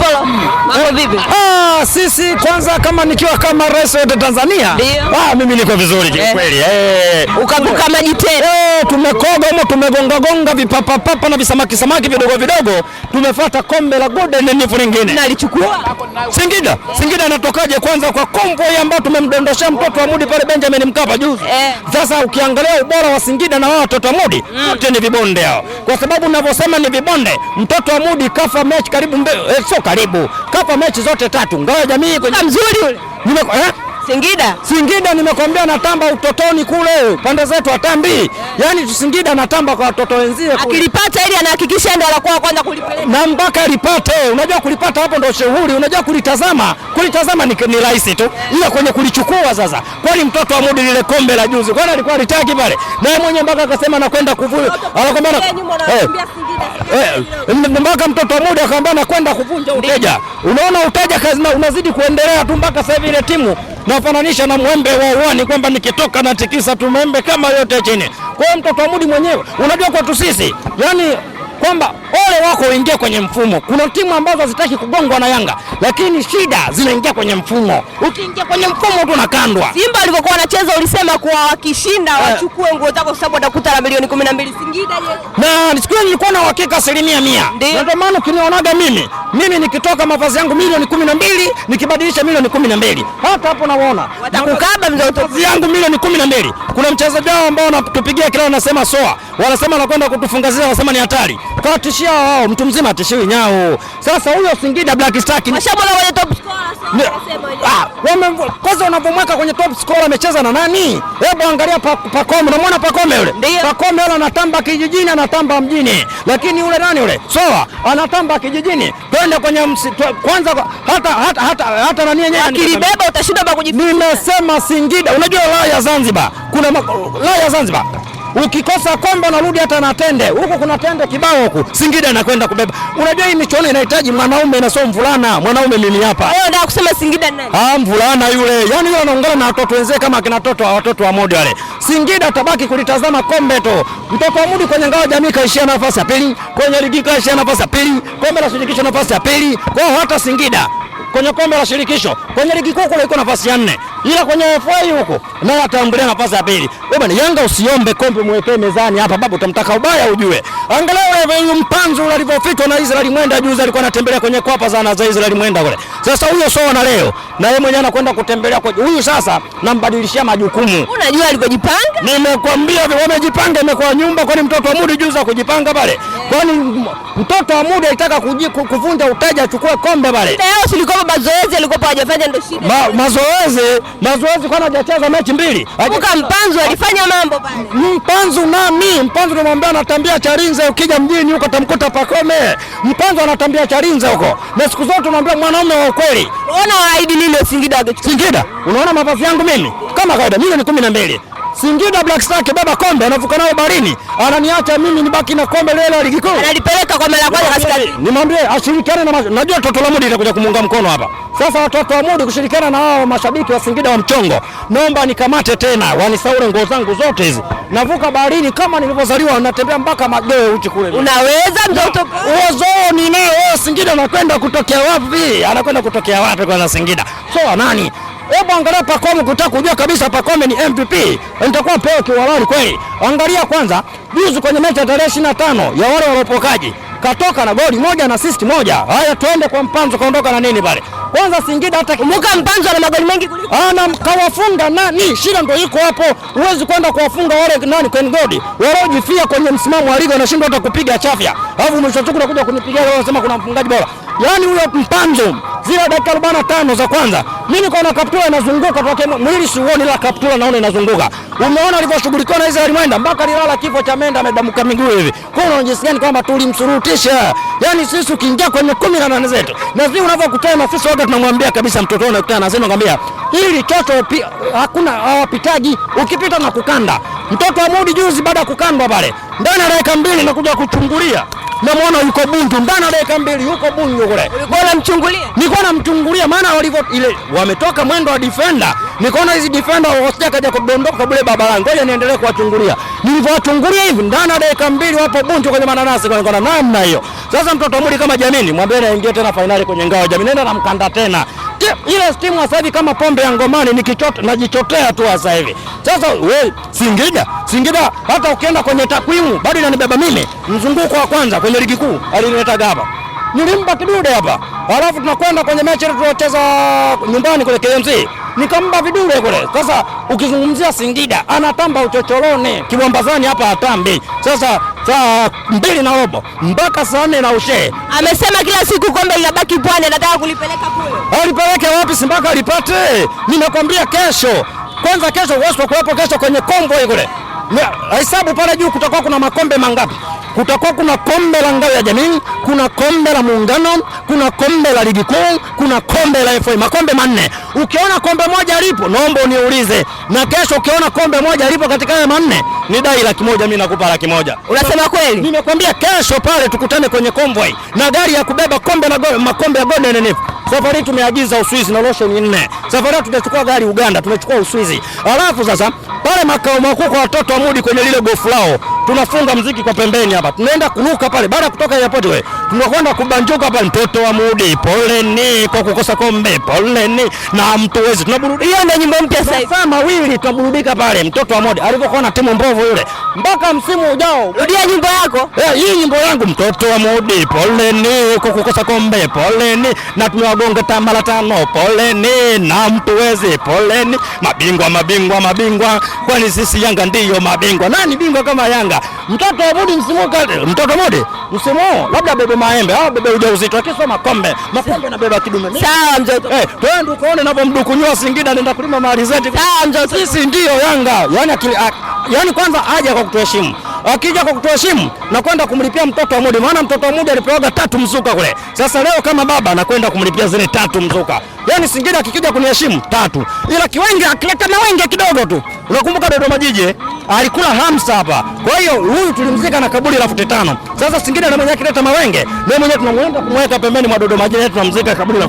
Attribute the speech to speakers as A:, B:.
A: Pablo. vipi? Ah, sisi kwanza kama nikiwa kama rais wa Tanzania. Ndio. Ah, mimi niko vizuri eh, kweli. Eh. Ukabuka maji tena. Eh, tumekoga huko tumegonga gonga vipapa papa na visamaki samaki vidogo vidogo. Tumefuata kombe la golden na nifu nyingine. Na alichukua. Singida. Singida anatokaje kwanza kwa kombo hii ambayo tumemdondosha mtoto wa Mudi pale Benjamin Mkapa juzi. Eh. Sasa eh, ukiangalia ubora wa Singida na wao watoto wa Mudi mm. wote mm, ni vibonde hao. Kwa sababu ninavyosema ni vibonde, mtoto wa Mudi kafa mechi karibu mbeo, eh, sio karibu. Kafa mechi zote tatu, ngao jamii kwenye ah, mzuri yule. Eh? Singida, Singida nimekwambia natamba utotoni kule pande zetu atambi, yeah. yaani Singida natamba kwa watoto wenzie. kule. Akilipata ili anahakikisha ndio anakuwa kwanza kulipeleka na mpaka alipate. Unajua kulipata hapo ndio shughuli, unajua kulitazama, kulitazama ni, ni rahisi tu, yeah. ila kwenye kulichukua sasa. Kwani mtoto wa Mudi lile kombe la juzi, kwani alikuwa alitaki pale Na yeye mwenyewe mpaka akasema eh. Eh. nakwenda kuvunja, anakwambia mpaka mtoto wa Mudi akamwambia nakwenda kuvunja uteja. Unaona uteja kazi unazidi kuendelea tu mpaka sasa hivi ile timu nafananisha na mwembe wa uani kwamba nikitoka na tikisa tu mwembe kama yote chini. Kwa hiyo mtoto wa mudi mwenyewe unajua kwetu sisi yani kwamba ole wako uingie kwenye mfumo. Kuna timu ambazo hazitaki kugongwa na Yanga, lakini shida zinaingia kwenye mfumo. Ukiingia kwenye mfumo tu unakandwa. Simba walivyokuwa anacheza, ulisema kuwa wakishinda eh. wachukue nguo zako, kwa sababu watakuta na milioni 12 Singida. Je, na nisikie, nilikuwa na uhakika asilimia mia, na ndio maana ukinionaga mimi mimi nikitoka mavazi yangu milioni 12 nikibadilisha milioni 12, hata hapo naona nakukaba mavazi yangu milioni 12. Kuna mchezaji wao ambao wanatupigia kila wanasema soa, wanasema anakwenda kutufungazia, wanasema ni hatari kwa tishia wao, mtu mzima atishiwi nyao. Sasa huyo Singida Black Stars top scorer Ah, Kwanza unavyomweka kwenye top scorer amecheza na nani? Hebu angalia Pakome, unamwona Pakome yule? Pakome yule anatamba kijijini, anatamba mjini, lakini yule nani yule Soa anatamba kijijini, twende kwenye msi, tue, kwanza, hata hata hata hata nani yenyewe akilibeba utashinda pa kujificha. Nimesema Singida, unajua la ya Zanzibar kuna la ya Zanzibar Ukikosa kombe unarudi hata na tende. Huko kuna tende kibao huko. Singida inakwenda kubeba. Unajua hii michuano inahitaji mwanaume na sio mvulana. Mwanaume mimi hapa. Wewe unataka kusema Singida nani? Ah, mvulana yule. yani yule anaongea na watoto wenzake kama akina watoto wa watoto wa modi wale. Singida tabaki kulitazama kombe tu. Mtoto wa mudi kwenye ngao jamii kaishia nafasi ya pili, kwenye ligi kaishia nafasi ya pili, kombe la shirikisho nafasi ya pili. Kwa hata Singida kwenye kombe la shirikisho, kwenye ligi kuu kule iko nafasi ya nne ila kwenye FA huko na ataambulia nafasi ya pili. Wewe ni Yanga usiombe kombe mwekee mezani hapa baba, utamtaka ubaya ujue. Angalau wewe huyu mpanzu alivyofika na Israeli Mwenda juzi alikuwa anatembelea kwenye kwapa za na Israeli Mwenda kule. Sasa huyo sio na leo. Na yeye mwenyewe anakwenda kutembelea kwa huyu sasa nambadilishia majukumu. Unajua alikojipanga? Nimekwambia wamejipanga imekuwa nyumba kwani mtoto wa Mudi juzi kujipanga pale. Kwani mtoto wa muda itaka kuvunja utaja achukue kombe pale. Mazoezi alikuwa hajafanya ndio shida. Ma, mazoezi mazoezi kwani hajacheza mechi mbili. Kumbuka Mpanzu alifanya mambo pale. Mpanzu nami Mpanzu namwambia anatambia Charinze, ukija mjini huko tamkuta Pakome. Mpanzu anatambia Charinze huko. Na siku zote unamwambia mwanaume wa kweli. Unaona waahidi nini Singida? Singida. Unaona mavazi yangu mimi? Kama kawaida mimi ni 12. Singida Black Star baba kombe anavuka nayo barini, ananiacha mimi nibaki na kombe lile la ligi kuu. Analipeleka kwa mara kwanza kaskazini. Nimwambie ashirikiane na najua toto la Mudi litakuja kumuunga mkono hapa. Sasa watoto wa Mudi kushirikiana na hao mashabiki wa Singida wa mchongo, naomba nikamate tena, wanisaure nguo zangu zote hizi. Navuka baharini kama nilivyozaliwa, natembea mpaka magoe uchi kule. Unaweza mtoto uwezo ni nao. Singida anakwenda kutokea wapi? Anakwenda kutokea wapi kwa Singida? So nani Hebu angalia Pacome kutaka kujua kabisa Pacome ni MVP. Nitakuwa peo kiwalali kweli. Angalia kwanza juzi kwenye mechi ya tarehe 25 ya wale walopokaji. Katoka na goli moja na assist moja. Haya tuende kwa Mpanzo kaondoka na nini pale? Kwanza Singida hata kumbuka Mpanzo ana magoli mengi kuliko. Ana kawafunga nani? Shida ndio iko hapo. Huwezi kwenda kuwafunga wale nani kwenye goli. Wale jifia kwenye msimamo wa ligi wanashindwa hata kupiga chafya. Alafu mwisho tu kunakuja kunipigia wao wanasema kuna mfungaji bora yani huyo mpanzo zile dakika 45 za kwanza, mimi nikaona kaptura inazunguka toke mwili siuoni, la kaptura naona inazunguka. Umeona alivyoshughulikiwa na hizo reminder mpaka alilala kifo cha Menda, amedamuka miguu hivi. Kwa hiyo unajisikia ni kwamba tulimsurutisha? yani sisi ukiingia kwenye na nane zetu na sisi unavyokutana na sisi waga, tunamwambia kabisa mtoto wao ukutana na sisi tunamwambia hili chocho hakuna hawapitaji, ukipita na kukanda. Mtoto wa Mudi juzi baada ya kukandwa pale ndani ya dakika mbili nakuja kuchungulia namwona yuko Bunju ndana dakika mbili yuko Bunju kule, nilikuwa namchungulia, maana walivyo ile wametoka mwendo wa defender, nikaona hizi defender wasija kaja kudondoka bure baba, ngoja niendelee kuwachungulia. Nilivyowachungulia hivi ndana dakika mbili wapo Bunju kwenye mananasi kwa namna hiyo. Sasa mtoto muli kama jamini, mwambie aingie tena fainali kwenye ngao jamini, nenda na mkanda tena ile timu sasa hivi kama pombe ya ngomani nikichota najichotea tu sasa hivi. Sasa we Singida, Singida hata ukienda kwenye takwimu bado inanibeba mimi. Mzunguko wa kwanza kwenye ligi kuu alinileta hapa. Nilimpa kidude hapa. Alafu tunakwenda kwenye mechi ile tulocheza nyumbani kule KMC. Nikamba vidule kule. Sasa ukizungumzia Singida anatamba uchochoroni. Kibwambazani hapa atambi. Sasa saa mbili na robo mpaka saa nne na ushe. Amesema kila siku kombe linabaki Pwani, anataka kulipeleka kule. Alipeleke wapi? Simbaka alipate. Ninakwambia kesho, kwanza kesho uwezi kuwepo kesho kwenye kombo kule hesabu pale juu, kutakuwa kuna makombe mangapi? Kutakuwa kuna kombe la ngao ya jamii, kuna kombe la Muungano, kuna kombe la ligi kuu, kuna kombe la FA, makombe manne. Ukiona kombe moja lipo, naomba uniulize, na kesho ukiona kombe moja lipo katika haya manne, ni dai laki moja, mimi nakupa laki moja. Unasema kweli? Nimekwambia kesho pale tukutane kwenye convoy na gari ya kubeba kombe na makombe ya golden Safari hii tumeagiza Uswizi na losheni nne. Safari hii tumechukua gari Uganda, tumechukua Uswizi. Alafu sasa pale makao makuu kwa watoto wa Mudi kwenye lile gofu lao tunafunga mziki kwa pembeni hapa, tunaenda kuruka pale baada kutoka airport, wewe tunakwenda kubanjuka hapa. Mtoto wa Mudi, poleni kwa kukosa kombe, poleni na mtu wezi. na nyimbo mpya sasa hivi, mawili tunaburudika pale. Mtoto wa Mudi alivyokuwa na timu mbovu yule, mpaka msimu ujao. Rudia nyimbo yako. Eh, hii nyimbo yangu mtoto wa Mudi, poleni kwa kukosa kombe, poleni na tunawagonga tamala tano, poleni na mtu wezi, poleni mabingwa, mabingwa, mabingwa, kwani sisi Yanga ndiyo mabingwa. Nani bingwa kama Yanga? Mganga mtoto abudi msimu kale, mtoto Mudi msimu labda bebe maembe au bebe ujauzito, lakini sio makombe. Makombe na beba kidume. Sawa mtoto, eh, twende ukaone ninavyomdukunyua Singida, nenda kulima mali zetu. Sawa mtoto, sisi ndio Yanga. Yani yani, kwanza aje kwa kutuheshimu akija kwa kutuheshimu na kwenda kumlipia mtoto wa Mudi, maana mtoto wa Mudi alipewaga tatu mzuka kule. Sasa leo kama baba anakwenda kumlipia zile tatu mzuka. Yani Singida akikija kuniheshimu tatu, ila kiwenge akileta na wenge kidogo tu Unakumbuka Dodoma Jiji alikula hamsa hapa. Kwa hiyo huyu tulimzika na kaburi la fute tano. Sasa Singida ndio mwenye akileta mawenge ndio mwenye tunamwenda kumweka pembeni mwa Dodoma Jiji tunamzika kaburi la